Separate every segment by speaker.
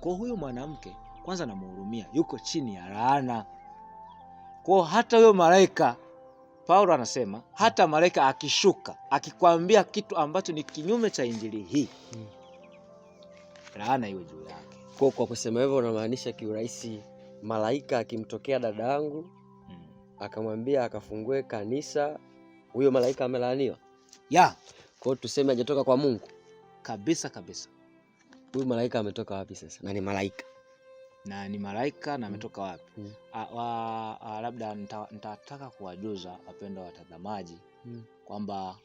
Speaker 1: Kwa huyo mwanamke kwanza namhurumia, yuko chini ya laana. Kwa hata huyo malaika Paulo anasema hata malaika akishuka akikwambia kitu ambacho ni kinyume cha injili hii hmm, laana iwe juu yake.
Speaker 2: Kwa, kwa kusema hivyo unamaanisha kiurahisi malaika akimtokea dada yangu hmm, akamwambia akafungue kanisa, huyo malaika amelaaniwa ya. Kwa tuseme ajatoka kwa Mungu
Speaker 1: kabisa kabisa
Speaker 2: huyu malaika ametoka wapi sasa
Speaker 1: na ni malaika na ni malaika na ametoka mm. wapi mm. a, a, labda nitataka kuwajuza wapendwa watazamaji mm. kwamba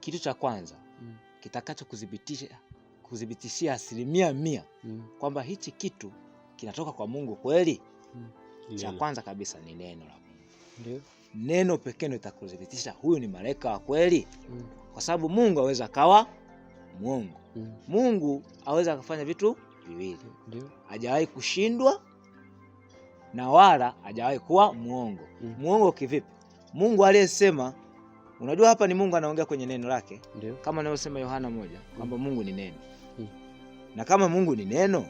Speaker 1: kitu cha kwanza mm. kitakacho kudhibitisha kuthibitishia asilimia mia mm. kwamba hichi kitu kinatoka kwa mungu kweli mm. cha kwanza kabisa ni neno la mungu Ndio. neno pekee ndo itakuthibitisha huyu ni malaika wa kweli mm. kwa sababu mungu aweza akawa mwongo mm. Mungu aweza akafanya vitu viwili, hajawahi kushindwa na wala hajawahi kuwa mwongo mm. Mwongo kivipi? Mungu aliyesema, unajua hapa ni Mungu anaongea kwenye neno lake
Speaker 2: Ndiyo. Kama anavyosema Yohana moja kwamba mm. Mungu ni neno mm.
Speaker 1: Na kama Mungu ni neno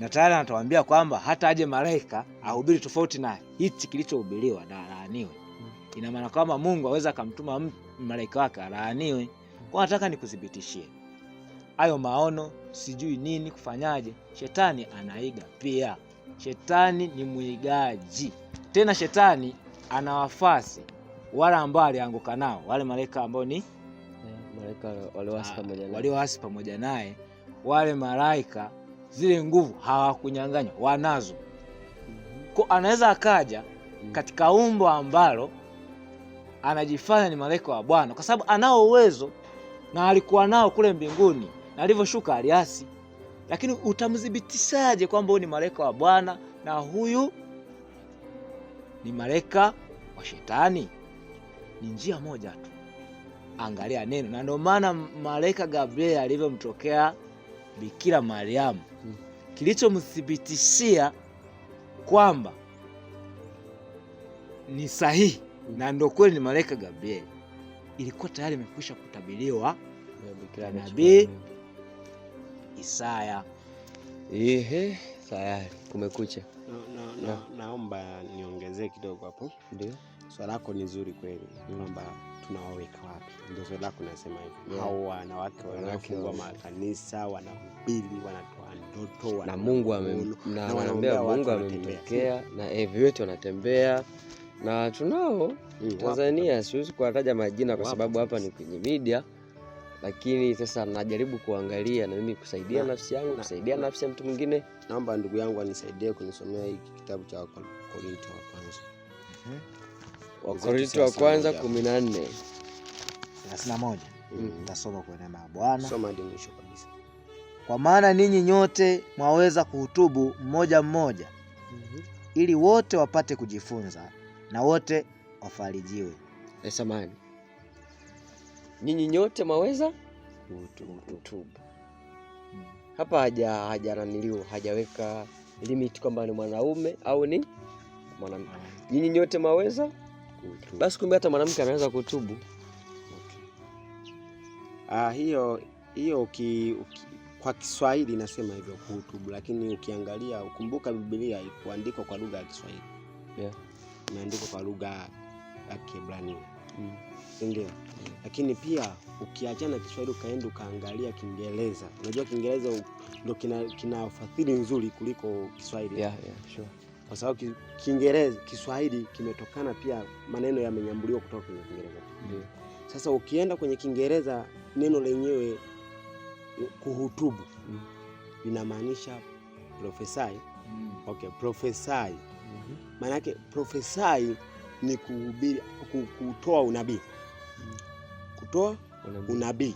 Speaker 1: na tayari anatawambia kwamba hata aje malaika ahubiri tofauti na hichi kilichohubiriwa na alaaniwe mm. Ina maana kwamba Mungu aweza akamtuma malaika wake alaaniwe. Kwa nataka nikuthibitishie hayo maono, sijui nini kufanyaje. Shetani anaiga pia, shetani ni mwigaji. Tena shetani ana wafasi wale ambao alianguka nao, wale malaika ambao ni
Speaker 2: walioasi pamoja naye,
Speaker 1: wale malaika zile nguvu hawakunyang'anya, wanazo. Kwa anaweza akaja katika umbo ambalo anajifanya ni malaika wa Bwana, kwa sababu anao uwezo na alikuwa nao kule mbinguni na alivyoshuka aliasi. Lakini utamthibitishaje kwamba huyu ni malaika wa Bwana na huyu ni malaika wa Shetani? Ni njia moja tu, angalia neno. Na ndio maana malaika Gabriel alivyomtokea Bikira Mariamu hmm. kilichomthibitishia kwamba ni sahihi hmm. na ndio kweli ni malaika Gabriel, ilikuwa tayari imekwisha kutabiriwa nabii Isaya.
Speaker 2: Ehe, tayari kumekucha. No, no,
Speaker 3: no, no. Naomba niongezee kidogo hapo. Ndio. Swali lako ni zuri kweli kwamba tunawaweka wapi? Ndio swali lako nasema hivi. Hao wanawake wanafungwa makanisa, wanahubiri, wanatoa ndoto, na Mungu
Speaker 2: anaambia Mungu amemtokea na hivi wote wanatembea na tunao Tanzania, siwezi kuwataja majina kwa sababu hapa ni kwenye media lakini sasa najaribu kuangalia na mimi kusaidia na nafsi yangu, kusaidia na nafsi ya mtu mwingine.
Speaker 3: Naomba ndugu yangu anisaidie kunisomea hiki kitabu cha Wakorinto wa kwanza mm
Speaker 2: -hmm. wa kwanza kumi na nne
Speaker 1: thelathini na moja mhm. nitasoma kwa neema ya Bwana.
Speaker 2: Soma hadi mwisho kabisa.
Speaker 1: Kwa maana ninyi nyote mwaweza kuhutubu mmoja mmoja mm -hmm. ili wote wapate kujifunza na wote wafarijiwe. Eh, samahani nyinyi nyote mwaweza kutubu. Hapa haja hajananiliwa hajaweka limit kwamba ni mwanaume au ni mwanamke. Nyinyi nyote mwaweza
Speaker 2: kutubu.
Speaker 1: Basi kumbe hata mwanamke anaweza kutubu.
Speaker 3: Ah, hiyo hiyo uki, uki, kwa Kiswahili inasema hivyo kutubu, lakini ukiangalia ukumbuka Biblia ikuandikwa kwa lugha ya Kiswahili yeah. Imeandikwa kwa lugha ya Kiebrania mm. Ndio. Lakini pia ukiachana Kiswahili ukaenda ukaangalia Kiingereza, unajua Kiingereza ndio kina, kina fadhili nzuri kuliko Kiswahili
Speaker 2: yeah, yeah, sure.
Speaker 3: Kwa sababu Kiingereza Kiswahili kimetokana pia, maneno yamenyambuliwa kutoka kwenye Kiingereza mm. Sasa ukienda kwenye Kiingereza neno lenyewe kuhutubu mm. linamaanisha profesai mm. okay, profesai mm-hmm. maana yake mm -hmm. profesai ni kuhubiri, kutoa unabii kutoa unabii.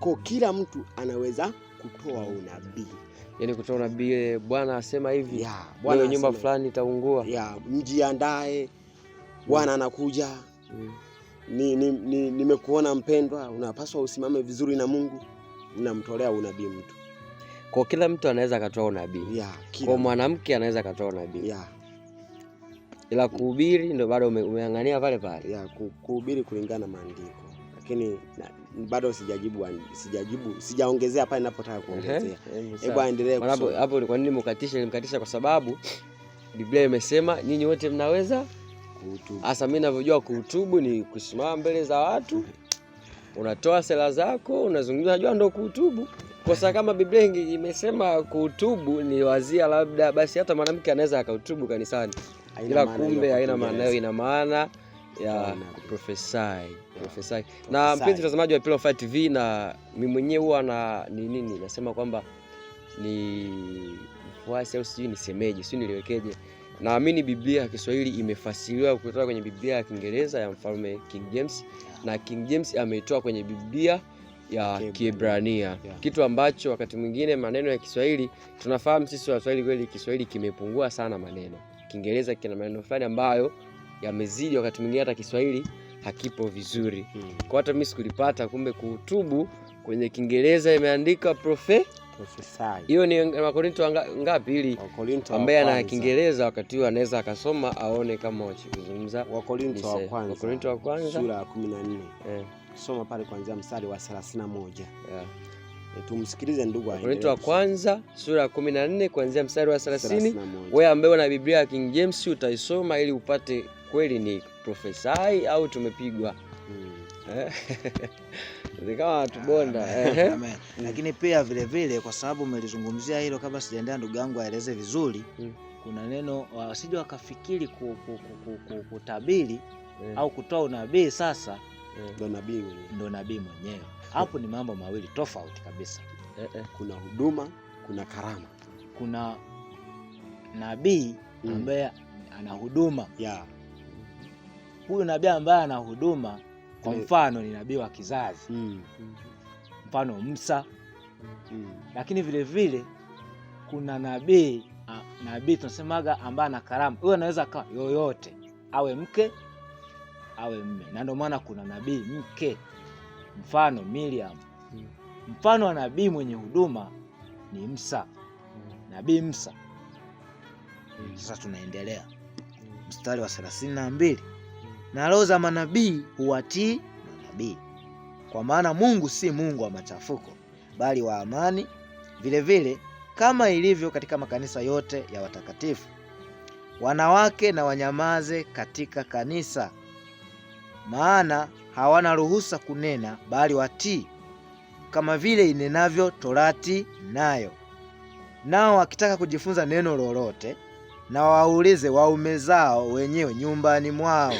Speaker 3: Kwa kila mtu anaweza kutoa unabii,
Speaker 2: yaani kutoa unabii, Bwana asema hivi, Bwana nyumba fulani itaungua,
Speaker 3: mjiandae, mm. Bwana anakuja. Mm. Nimekuona ni, ni, ni mpendwa, unapaswa usimame vizuri na Mungu. Unamtolea unabii mtu,
Speaker 2: kwa kila mtu anaweza akatoa unabii, kwa mwanamke anaweza akatoa unabii ila kuhubiri ndio bado umeang'ania pale pale,
Speaker 3: kuhubiri kulingana na maandiko lakini na, bado sijajibu sijajibu sijaongezea pale ninapotaka kuongezea. Hebu aendelee
Speaker 2: hapo hapo. Kwa nini mkatisha? Mkatisha kwa sababu Biblia imesema nyinyi wote mnaweza kuhutubu. Sasa mimi ninavyojua kuhutubu ni kusimama mbele za watu, unatoa sera zako, unazungumza, najua ndio kuhutubu Kwa sababu kama Biblia imesema kuhutubu ni wazia, labda basi hata mwanamke anaweza akahutubu kanisani, ila kumbe haina maana hiyo, ina maana ya kuprofesai. Profesa. Na mpenzi mtazamaji wa Pillow Fight TV, na mimi mwenyewe huwa na ni nini nasema kwamba ni mfuasi au sijui nisemeje, sijui niliwekeje. Naamini Biblia ya Kiswahili imefasiriwa kutoka kwenye Biblia ya Kiingereza ya Mfalme King James na King James ameitoa kwenye Biblia ya Kiebrania yeah. Kitu ambacho wakati mwingine maneno ya Kiswahili tunafahamu sisi Waswahili, kweli Kiswahili kimepungua sana maneno. Kiingereza kina maneno fulani ambayo yamezidi wakati mwingine hata Kiswahili hakipo vizuri mm. Kwa hata mimi sikulipata, kumbe kuhutubu kwenye Kiingereza imeandika profe hiyo ni Wakorinto ngapi? Ili ambaye ana Kiingereza wakati huo anaweza akasoma aone kama wachokizungumza.
Speaker 3: Wakorinto wa kwanza,
Speaker 2: Wakorinto wa kwanza
Speaker 3: sura ya 14 eh, soma pale kuanzia mstari wa 31. Yeah. Eh, tumsikilize ndugu.
Speaker 2: Wakorinto wa kwanza sura ya 14 kuanzia mstari wa 30. Wewe ambaye una Biblia ya King James utaisoma ili upate kweli ni tumeprofesai au tumepigwa mm. kama natubonda ah, eh?
Speaker 1: lakini pia vilevile vile, kwa sababu umelizungumzia hilo kabla sijaendea, ndugu yangu aeleze vizuri mm. kuna neno wasije wakafikiri ku, ku, ku, ku, kutabiri mm. au kutoa unabii. Sasa hmm. ndo nabii mwenyewe hapo, ni mambo mawili tofauti kabisa.
Speaker 3: Eh, kuna huduma, kuna karama,
Speaker 1: kuna nabii hmm. ambaye mm. ana huduma yeah huyu nabii ambaye ana huduma, kwa eh. mfano ni nabii wa kizazi mm. mfano Musa mm. lakini vile vile kuna nabii nabii tunasemaga ambaye ana karama, huyo anaweza akawa yoyote, awe mke awe mme, na ndio maana kuna nabii mke, mfano Miriam. Mm. Mfano wa nabii mwenye huduma ni Musa, nabii Musa. Mm. Sasa tunaendelea mstari wa thelathini na mbili na roho za manabii huwatii manabii, kwa maana Mungu si Mungu wa machafuko, bali wa amani, vilevile kama ilivyo katika makanisa yote ya watakatifu. Wanawake na wanyamaze katika kanisa, maana hawana ruhusa kunena, bali watii, kama vile inenavyo Torati nayo. Nao wakitaka kujifunza neno lolote, na waulize waume zao wenyewe nyumbani mwao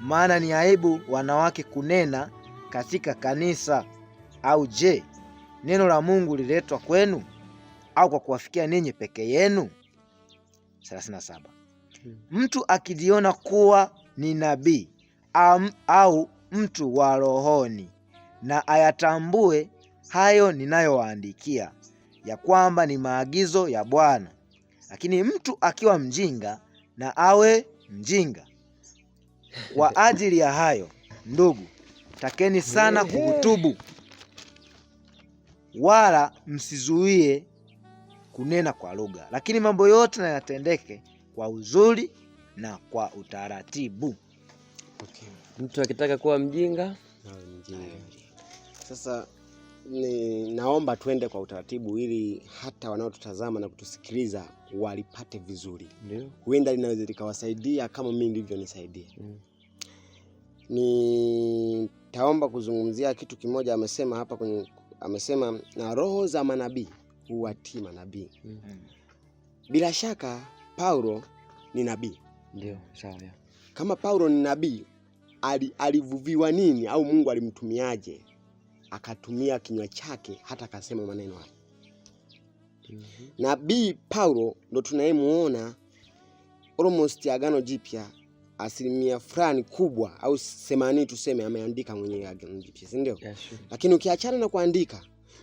Speaker 1: maana ni aibu wanawake kunena katika kanisa. Au je, neno la Mungu liletwa kwenu au kwa kuwafikia ninyi peke yenu? 37. Hmm. Mtu akijiona kuwa ni nabii au mtu wa rohoni, na ayatambue hayo ninayowaandikia, ya kwamba ni maagizo ya Bwana. Lakini mtu akiwa mjinga, na awe mjinga kwa ajili ya hayo, ndugu, takeni sana kuhutubu, wala msizuie kunena kwa lugha, lakini mambo yote na yatendeke kwa uzuri na kwa utaratibu.
Speaker 2: Okay. Mtu akitaka kuwa mjinga,
Speaker 3: mjinga. Sasa ni, naomba tuende kwa utaratibu ili hata wanaotutazama na kutusikiliza walipate vizuri. Ndio. Huenda linaweza likawasaidia kama mimi ndivyo Mm nitaomba kuzungumzia kitu kimoja. Amesema hapa kwenye, amesema na roho za manabii huwatii manabii. mm -hmm. Bila shaka Paulo ni nabii, ndio sawa. Kama Paulo ni nabii, alivuviwa nini au Mungu alimtumiaje akatumia kinywa chake hata akasema maneno haya? mm -hmm. Nabii Paulo ndo tunayemuona almost Agano Jipya asilimia fulani kubwa au themanini tuseme, ameandika mwenyewe ameandika, si ndio? Lakini ukiachana na kuandika,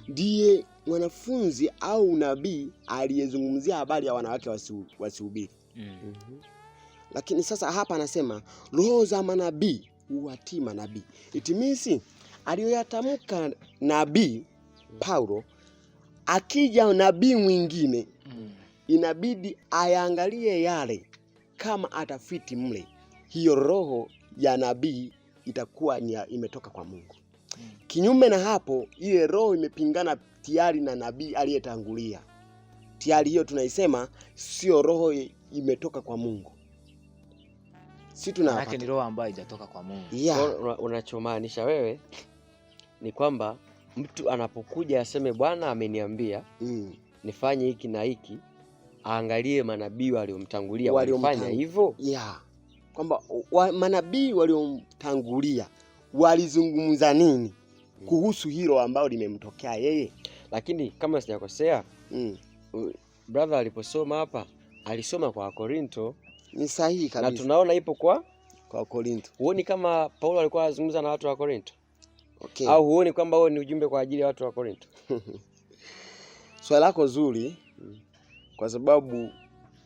Speaker 3: ndiye mwanafunzi au nabii aliyezungumzia habari ya wanawake wasihubiri. mm -hmm. Lakini sasa hapa anasema roho za manabii huwatii manabii. Itimisi aliyoyatamka nabii Paulo, akija nabii mwingine mm. inabidi ayaangalie yale kama atafiti mle hiyo roho ya nabii itakuwa imetoka kwa Mungu. Hmm. Kinyume na hapo, ile roho imepingana tayari na nabii aliyetangulia tayari, hiyo tunaisema sio roho imetoka kwa Mungu.
Speaker 1: Si tunawake ni roho ambayo haijatoka kwa Mungu.
Speaker 2: Yeah. Unachomaanisha wewe ni kwamba mtu anapokuja aseme Bwana ameniambia mm. nifanye hiki na hiki, aangalie manabii waliomtangulia walifanya hivyo.
Speaker 3: Yeah kwamba wa, manabii waliomtangulia walizungumza nini mm. kuhusu hilo ambalo limemtokea yeye,
Speaker 2: lakini kama sijakosea mm. brother aliposoma hapa alisoma kwa Korinto,
Speaker 3: ni sahihi kabisa,
Speaker 2: na tunaona ipo kwa
Speaker 3: kwa Korinto.
Speaker 2: Huoni kama Paulo alikuwa anazungumza na watu wa Korinto? Okay. Au huoni kwamba huo ni ujumbe kwa ajili ya watu wa Korinto?
Speaker 3: Swali lako zuri, mm. kwa sababu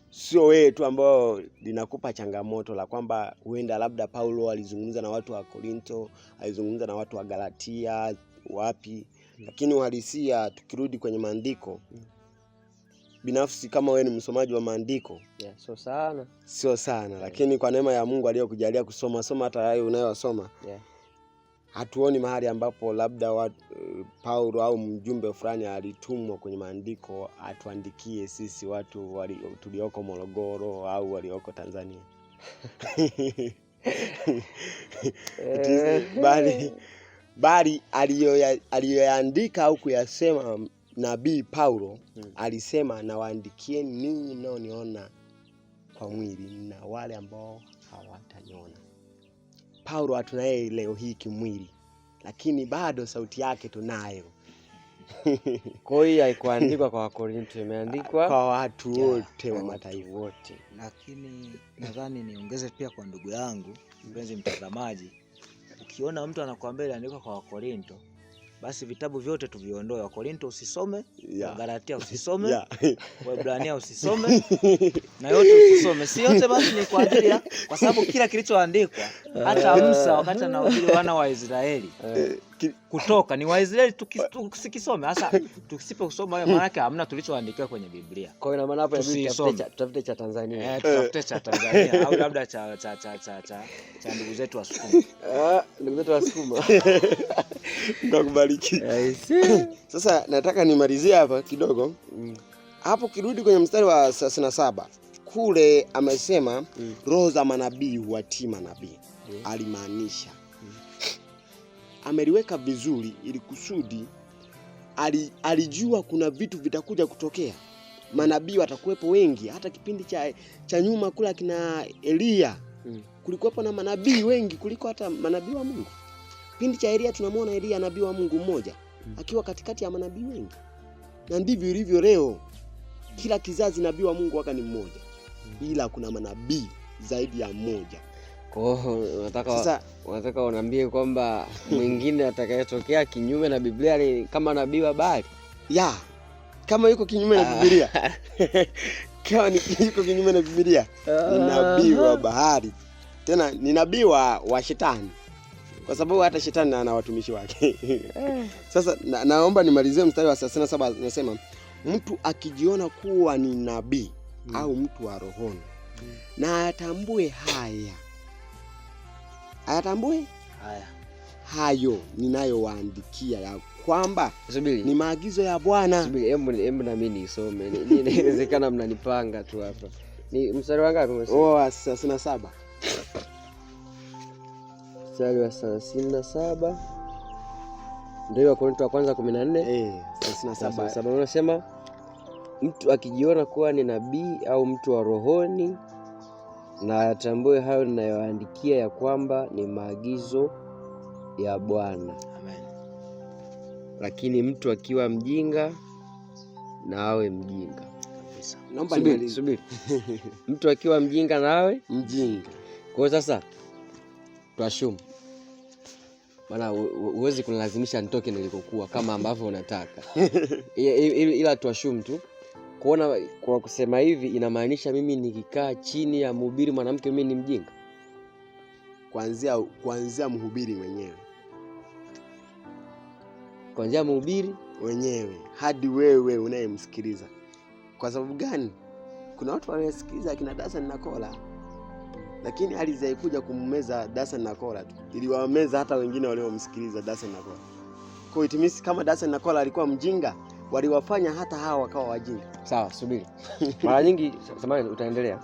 Speaker 3: sio wewe tu ambao linakupa changamoto la kwamba huenda labda Paulo alizungumza na watu wa Korinto, alizungumza na watu wa Galatia, wapi. Mm. Lakini uhalisia, tukirudi kwenye maandiko mm. binafsi, kama wewe ni msomaji wa maandiko
Speaker 2: yeah, sio sana,
Speaker 3: sio sana yeah. Lakini kwa neema ya Mungu aliyokujalia kusoma soma hata hayo unayosoma yeah hatuoni mahali ambapo labda wa, eh, Paulo au mjumbe fulani alitumwa kwenye maandiko atuandikie sisi watu wali, tulioko Morogoro au walioko Tanzania bali bali aliyoyaandika au kuyasema nabii Paulo hmm. alisema nawaandikieni ninyi mnaoniona kwa mwili na wale ambao hawataniona Paulo hatuna yeye leo hii kimwili, lakini bado sauti yake tunayo.
Speaker 2: Kwa hiyo haikuandikwa kwa wakorinto imeandikwa
Speaker 3: kwa watu wote wa mataifa wote.
Speaker 1: Lakini nadhani niongeze pia kwa ndugu yangu mpenzi mtazamaji, ukiona mtu anakuambia iliandikwa kwa wakorinto basi vitabu vyote tuviondoe. Wakorinto usisome, Wagalatia yeah. usisome yeah. Waebrania usisome na yote usisome, si yote basi ni kwa ajili ya, kwa sababu kila kilichoandikwa hata Musa wakati anahubiri wana wa Israeli eh kutoka ni Waisraeli tukisome hasa, hiyo maana yake hamna tulichoandikiwa kwenye Biblia.
Speaker 2: Kwa hiyo maana hapo ya inabidi tafute cha Tanzania,
Speaker 1: eh, tafute cha Tanzania au labda cha cha cha cha cha cha ndugu zetu wa Sukuma.
Speaker 2: ah, ndugu zetu wa Sukuma. Mkakubariki. Eh,
Speaker 3: Sasa nataka nimalizie hapa kidogo mm. hapo, kirudi kwenye mstari wa 37 kule amesema, mm. roho za manabii huwatii manabii, mm. alimaanisha ameliweka vizuri, ili kusudi alijua kuna vitu vitakuja kutokea. Manabii watakuwepo wengi, hata kipindi cha, cha nyuma kula kina elia mm. kulikuwepo na manabii wengi kuliko hata manabii wa Mungu. Kipindi cha Elia tunamwona Elia nabii wa Mungu mmoja mm. akiwa katikati ya manabii wengi, na ndivyo ilivyo leo. Kila kizazi nabii wa Mungu waka ni mmoja, mm. ila kuna manabii zaidi ya mmoja.
Speaker 2: Unataka sasa, unataka kwamba mwingine atakayetokea kinyume na Biblia ni kama nabii wa Baali
Speaker 3: ya kama yuko kinyume na ah. Biblia kama ni yuko kinyume na Biblia ni ah. nabii wa bahari, tena ni nabii wa, wa shetani kwa sababu hata shetani ana watumishi wake. Eh. Sasa na, naomba nimalizie mstari wa 37 nasema, mtu akijiona kuwa ni nabii mm. au mtu wa rohoni mm. na atambue haya ayatambui haya. Hayo ninayowaandikia ya kwamba ni maagizo ya Bwana.
Speaker 2: Subiri, hebu hebu na mimi nisome, inawezekana mnanipanga tu hapa. Ni mstari wa ngapi umesema?
Speaker 3: Oh, 37
Speaker 2: mstari wa 37 ndio wa Korinto wa kwanza 14
Speaker 3: eh, 37
Speaker 2: unasema mtu akijiona kuwa ni nabii au mtu wa rohoni na yatambue hayo ninayoandikia ya kwamba ni maagizo ya Bwana. Lakini mtu akiwa mjinga na awe mjinga. subiri. mtu akiwa mjinga na awe
Speaker 3: mjinga.
Speaker 2: Kwa hiyo sasa twashumu, maana huwezi kunilazimisha nitoke nilikokuwa kama ambavyo unataka ila twashumu tu kuona kwa kusema hivi inamaanisha mimi nikikaa chini ya mhubiri mwanamke mimi ni mjinga?
Speaker 3: Kuanzia kuanzia mhubiri mwenyewe,
Speaker 2: kuanzia mhubiri
Speaker 3: wenyewe hadi wewe unayemsikiliza. Kwa sababu gani? Kuna watu wanasikiliza akina dasa na Kola, lakini hali zaikuja kummeza dasa na Kola tu, iliwameza hata wengine waliomsikiliza dasa na Kola. Kwa hiyo kama dasa na Kola alikuwa mjinga waliwafanya hata hawa wakawa wajinga.
Speaker 2: Sawa, subiri mara nyingi samani, utaendelea.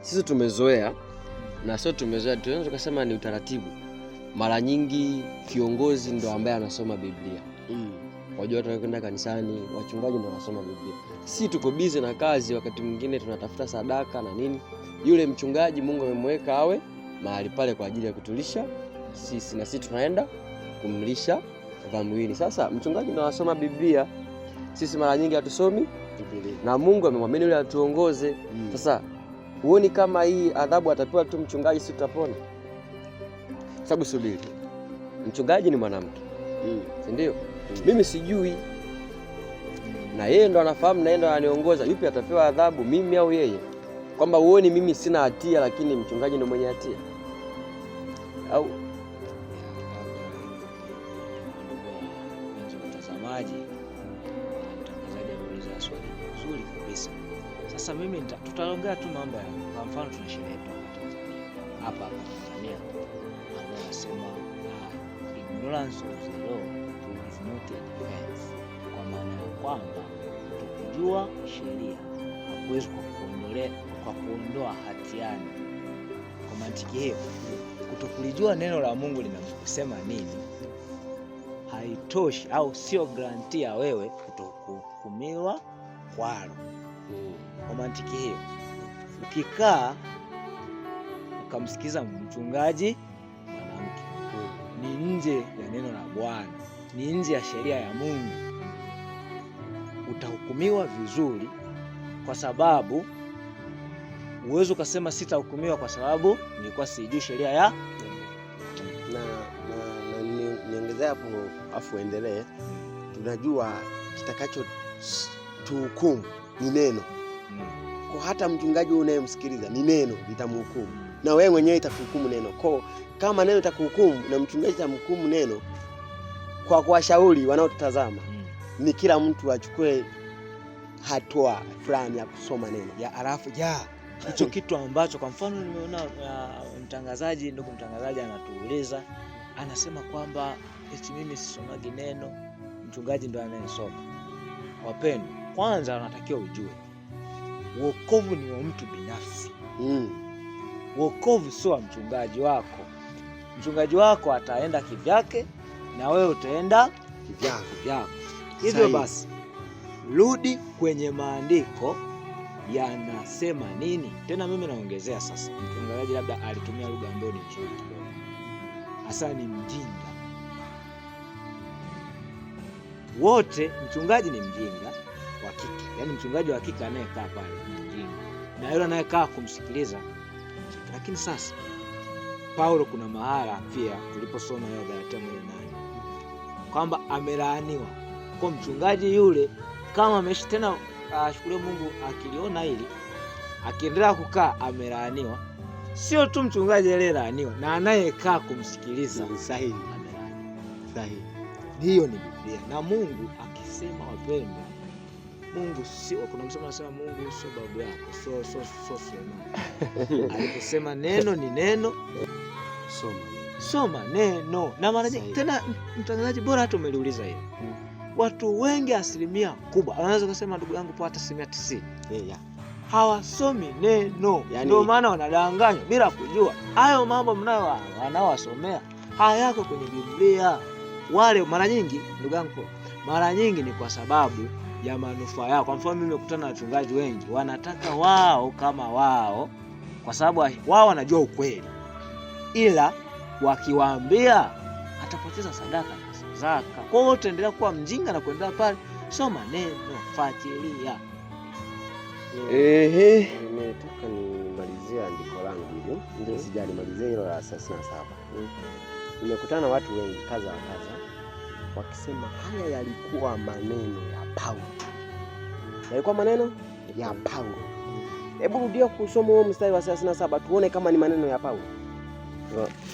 Speaker 2: Sisi tumezoea na sio tumezoea, tunaweza tukasema ni utaratibu. Mara nyingi kiongozi ndo ambaye anasoma Biblia mm. Wajua, watu wanakwenda kanisani, wachungaji ndo wanasoma Biblia. Si tuko bize na kazi, wakati mwingine tunatafuta sadaka na nini. Yule mchungaji Mungu amemweka awe mahali pale kwa ajili ya kutulisha sisi, na sisi tunaenda kumlisha vamiwili. Sasa mchungaji ndo anasoma Biblia sisi mara nyingi hatusomi Biblia na Mungu amemwamini yule atuongoze. Hmm. Sasa huoni kama hii adhabu atapewa tu mchungaji, si tutapona? Sababu subiri, mchungaji ni mwanamke mm. si ndio? mm. mimi sijui na yeye ndo anafahamu na yeye ndo ananiongoza, yupi atapewa adhabu, mimi au yeye? Kwamba huoni mimi sina hatia, lakini mchungaji ndo mwenye hatia au
Speaker 1: mtazamaji? kabisa. Sasa mimi tutaongea tu mambo ya kwa mfano, tuna sherehe yetu hapa hapa Tanzania, ambao nasema ah, ignorance of the law is not a defense, kwa maana ya kwamba kutokujua sheria hakuwezi kwa kuondoa hatiani. Kwa mantiki hiyo, kutokulijua neno la Mungu linasema nini haitoshi au sio garantia wewe kutokuhukumiwa kwalo. Kwa mantiki hiyo, ukikaa ukamsikiza mchungaji mwanamke, ni nje ya neno la Bwana, ni nje ya sheria ya Mungu, utahukumiwa vizuri, kwa sababu uwezo ukasema sitahukumiwa kwa sababu nilikuwa sijui sheria ya
Speaker 3: na, na, na niongezea hapo afu endelee. Tunajua kitakacho tuhukumu ni neno lako, hata mchungaji huyu unayemsikiliza ni neno litamhukumu, na wewe mwenyewe itakuhukumu neno. Kwa kama neno itakuhukumu na mchungaji tamhukumu neno, kwa kuwashauri wanaotutazama hmm. ni kila mtu achukue hatua fulani ya kusoma neno ya alafu ya
Speaker 1: hicho kitu ambacho kwa mfano nimeona mtangazaji, ndugu mtangazaji anatuuliza anasema kwamba eti mimi sisomagi neno, mchungaji ndo anayesoma. Wapendwa, kwanza wanatakiwa ujue Wokovu ni wa mtu binafsi mm. Wokovu sio wa mchungaji wako. Mchungaji wako ataenda kivyake na wewe utaenda kivyako, Hivyo basi rudi kwenye maandiko yanasema nini tena. Mimi naongezea sasa, mchungaji labda alitumia lugha ambayo ni nzuri kidogo, hasa ni mjinga wote. Mchungaji ni mjinga wa kike, yaani mchungaji wa kike anayekaa pale mjini na yule anayekaa kumsikiliza. Lakini sasa Paulo, kuna mahala pia tuliposoma ile Galatia moja nane kwamba amelaaniwa kwa mchungaji yule, kama ameishi tena, ashukuriwe ah, Mungu akiliona hili, akiendelea kukaa amelaaniwa. Sio tu mchungaji aliyelaaniwa na anayekaa kumsikiliza.
Speaker 3: Sahihi, sahihi,
Speaker 1: hiyo ni Biblia. Na Mungu akisema, wapendwa Mungu sio, kuna msemo anasema Mungu sio babu yako, so so so so, aliposema neno ni neno, soma soma neno. Na mara nyingi tena, mtangazaji bora, hata umeliuliza hiyo hmm. Watu wengi asilimia kubwa wanaweza kusema ndugu yangu, pata asilimia tisini yeah. Hawasomi neno, ndio maana wanadanganywa bila kujua. Hayo mambo mnayo wanawasomea hayako kwenye Biblia. Wale mara nyingi ndugu yangu, mara nyingi ni kwa sababu ya manufaa yao. Kwa mfano, mimi nimekutana na wachungaji wengi wanataka wao kama wao, kwa sababu wao wanajua ukweli, ila wakiwaambia atapoteza sadaka na zaka. Kwa hiyo utaendelea kuwa mjinga na kuendelea pale, sio maneno, fuatilia.
Speaker 2: Ehe,
Speaker 3: nimetaka nimalizia andiko langu hili, mm. sijalimalizia hilo la 37 mm. Nimekutana na watu wengi kaza wa kadha wakisema haya yalikuwa maneno ya Paulo, yalikuwa maneno ya Paulo. Hebu rudia kusoma huo mstari wa 37 tuone kama ni maneno ya Paulo.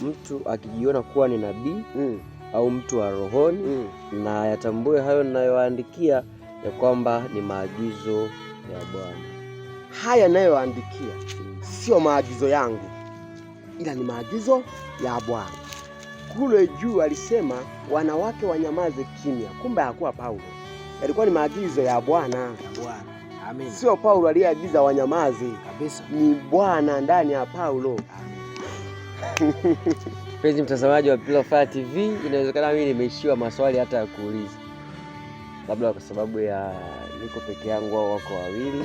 Speaker 2: Mtu akijiona kuwa ni nabii mm. au mtu wa rohoni mm. na yatambue hayo ninayoandikia ya kwamba ni maagizo ya Bwana.
Speaker 3: Haya nayoandikia sio maagizo yangu, ila ni maagizo ya Bwana kule juu alisema wanawake wanyamaze kimya. Kumbe hakuwa Paulo, yalikuwa ni maagizo ya Bwana. Amen. Sio Paulo aliyeagiza wanyamaze kabisa, ni Bwana ndani ya Paulo.
Speaker 2: Mpenzi mtazamaji wa Fire TV, inawezekana mimi nimeishiwa maswali hata ya kuuliza, labda kwa sababu ya niko peke yangu au wako wawili,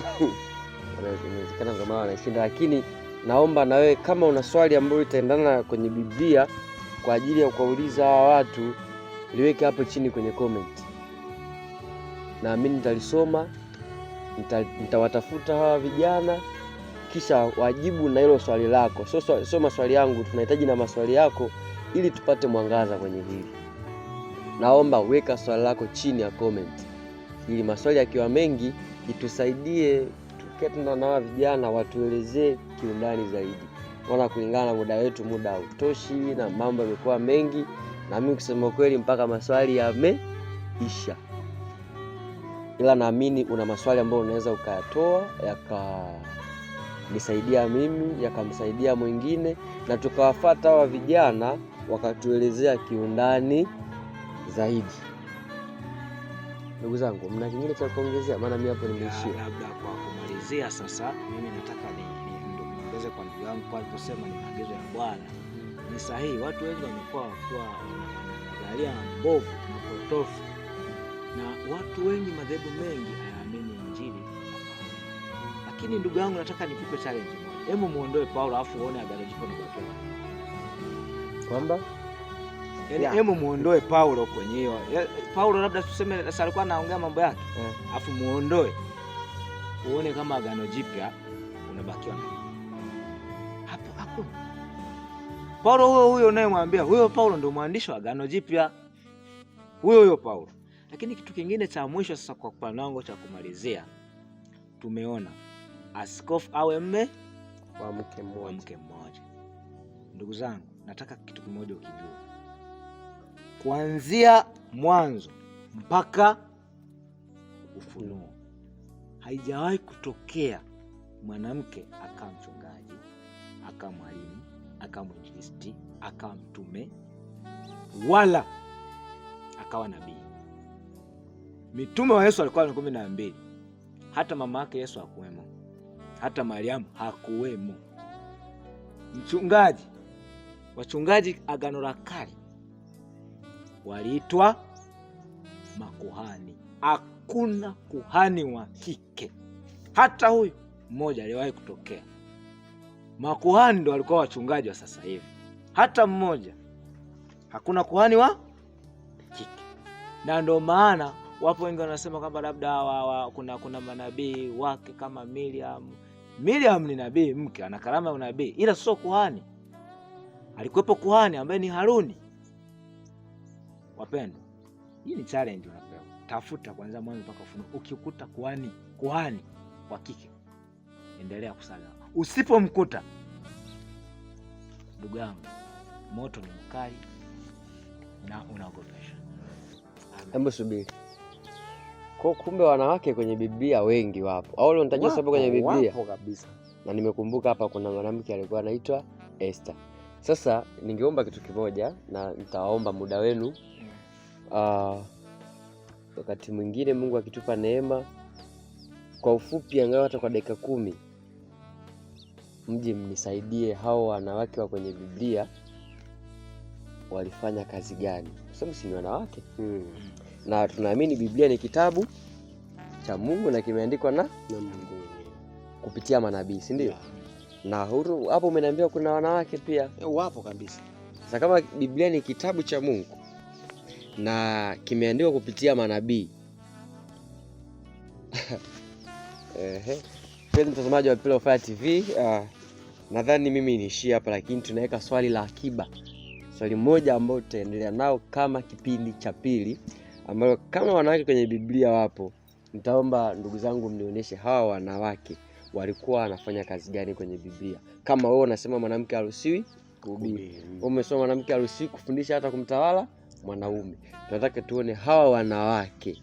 Speaker 2: inawezekana ndio maana wanashinda, lakini naomba na wewe kama una swali ambalo litaendana kwenye Biblia kwa ajili ya kuwauliza hawa watu, liweke hapo chini kwenye comment, naamini nitalisoma, nitawatafuta hawa vijana kisha wajibu na hilo swali lako, sio so, so maswali yangu, tunahitaji na maswali yako ili tupate mwangaza kwenye hili. Naomba weka swali lako chini ya comment, ili maswali yakiwa mengi itusaidie tukiwa tunanawa vijana watuelezee kiundani zaidi. Naona kulingana na muda wetu, muda hautoshi na mambo yamekuwa mengi, na mimi kusema kweli mpaka maswali yameisha, ila naamini una maswali ambayo unaweza ukayatoa nisaidia mimi yakamsaidia mwingine, na tukawafata hawa vijana wakatuelezea kiundani zaidi. Ndugu zangu, mna kingine cha kuongezea? Maana mimi hapo nimeishia.
Speaker 1: Labda kwa kumalizia sasa, mimi nataka nielekeze kwa ndugu yangu kwa aliposema ni maagizo ya Bwana ni sahihi. Watu wengi wamekuwa wakiwa wanagalia mbovu na potofu, na watu wengi, madhehebu mengi hayaamini Injili. Lakini ndugu yangu, nataka nikupe challenge moja. Hebu muondoe Paulo afu uone agano ziko ni kwa kwamba yaani hemu muondoe Paulo kwenye hiyo. Paulo labda tuseme sasa alikuwa anaongea mambo yake, Yeah. Afu muondoe uone kama Agano Jipya unabakiwa na Paulo huyo huyo unayemwambia huyo Paulo ndio mwandishi wa Agano Jipya, huyo huyo Paulo. Lakini kitu kingine cha mwisho sasa, kwa upande wangu cha kumalizia, tumeona askofu awe mme
Speaker 2: wa mke mmoja.
Speaker 1: Ndugu zangu, nataka kitu kimoja ukijua, kuanzia mwanzo mpaka Ufunuo haijawahi kutokea mwanamke akaa mchungaji akaa mwalimu akawa mwinjilisti, akawa mtume, wala akawa nabii. Mitume wa Yesu alikuwa na kumi na mbili. Hata mama yake Yesu hakuwemo, hata Mariamu hakuwemo. Mchungaji, wachungaji Agano la Kale waliitwa makuhani. Hakuna kuhani wa kike hata huyu mmoja aliwahi kutokea makuhani ndo walikuwa wachungaji wa sasa hivi, hata mmoja, hakuna kuhani wa kike, na ndo maana wapo wengi wanasema kwamba labda wa, kuna, kuna manabii wake kama Miriam. Miriam ni nabii mke, ana karama ya unabii, ila sio kuhani. Alikuwepo kuhani ambaye ni Haruni. Wapendwa, hii ni challenge unapewa, tafuta kwanza Mwanzo mpaka Ufunuo. Ukikuta kuhani kuhani wa kike, endelea kusali. Usipomkuta ndugu yangu, moto ni mkali na unaogopesha.
Speaker 2: Hebu subiri, kwa kumbe wanawake kwenye Biblia wengi wapo, au unanitajia sababu kwenye Biblia wapo kabisa, na nimekumbuka hapa kuna mwanamke alikuwa anaitwa Esther. Sasa ningeomba kitu kimoja, na nitaomba muda wenu uh, wakati mwingine Mungu akitupa neema, kwa ufupi, angalau hata kwa dakika kumi mje mnisaidie hao wanawake wa kwenye Biblia walifanya kazi gani, kwa
Speaker 1: sababu si wanawake hmm.
Speaker 2: Na tunaamini Biblia ni kitabu cha Mungu na kimeandikwa na Mungu kupitia manabii, si ndio? Na hapo umeniambia kuna wanawake pia
Speaker 3: e, wapo kabisa.
Speaker 2: Sasa kama Biblia ni kitabu cha Mungu na kimeandikwa kupitia manabii mtazamaji wa Pilofire TV uh, ah, nadhani mimi niishie hapa, lakini tunaweka swali la akiba, swali moja ambalo tutaendelea nao kama kipindi cha pili, ambayo kama wanawake kwenye Biblia wapo, nitaomba ndugu zangu mnionyeshe hawa wanawake walikuwa wanafanya kazi gani kwenye Biblia. Kama wewe unasema mwanamke haruhusiwi kuhubiri, wewe umesema mwanamke haruhusiwi kufundisha hata kumtawala mwanaume, tunataka tuone hawa wanawake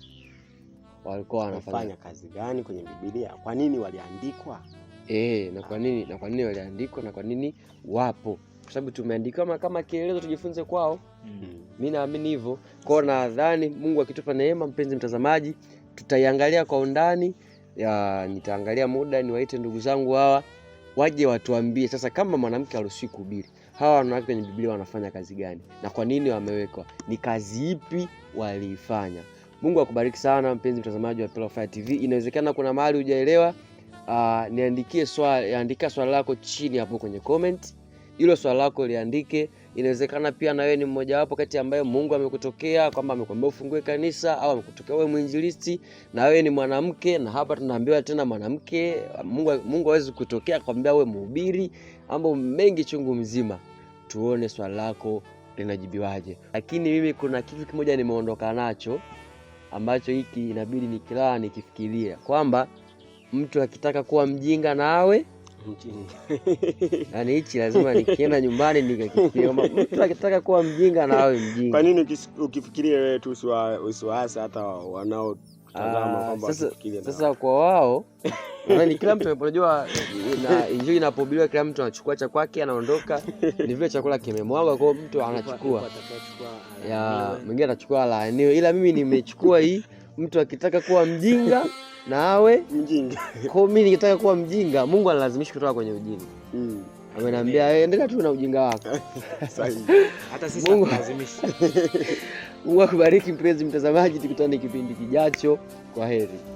Speaker 2: walikuwa wanafanya kazi gani kwenye Biblia, kwa nini waliandikwa? e, na kwa nini na kwa nini waliandikwa na kwa nini wapo, kwa sababu tumeandikiwa kama, kielezo tujifunze kwao. mm. Mi naamini hivyo kwao. Nadhani Mungu akitupa neema, mpenzi mtazamaji, tutaiangalia kwa undani ya, nitaangalia muda niwaite ndugu zangu hawa waje watuambie sasa, kama mwanamke haruhusiwi kuhubiri, hawa wanawake kwenye Biblia wanafanya kazi gani na kwa nini wamewekwa? Ni kazi ipi waliifanya? Mungu akubariki sana mpenzi mtazamaji wa Pillar TV. Inawezekana kuna mahali hujaelewa, uh, niandikie swali, andika swali lako chini hapo kwenye comment. Hilo swali lako liandike. Inawezekana pia na wewe ni mmojawapo kati ambaye Mungu amekutokea kwamba amekwambia ufungue kanisa au amekutokea wewe mwinjilisti na wewe ni mwanamke, na hapa tunaambiwa tena mwanamke, Mungu Mungu hawezi kutokea kwambia wewe mhubiri, mambo mengi chungu mzima. Tuone swali lako linajibiwaje. Lakini mimi kuna kitu kimoja nimeondoka nacho ambacho hiki inabidi nikilala nikifikiria kwamba mtu akitaka kuwa mjinga na awe yaani hichi lazima nikienda nyumbani nikakifikiria mtu akitaka kuwa mjinga na awe mjinga.
Speaker 3: Kwa nini ukifikiria wewe tu usiwaase hata wanao
Speaker 2: ah, sasa, sasa kwa wao ni kila mtu unajua, injili inapobiliwa, kila mtu anachukua cha kwake anaondoka. Ni vile chakula kimemwaga, kwa hiyo mtu anachukua ya mwingine, atachukua laaniwe, ila mimi nimechukua hii, mtu akitaka kuwa mjinga nawe mjinga. Kwa mimi nikitaka kuwa mjinga, Mungu analazimisha kutoka kwenye ujinga mm. Ameniambia eh, endelea tu na ujinga wako. Hata sisi tunalazimisha. Mungu akubariki mpenzi mtazamaji, tukutane kipindi kijacho. Kwa heri.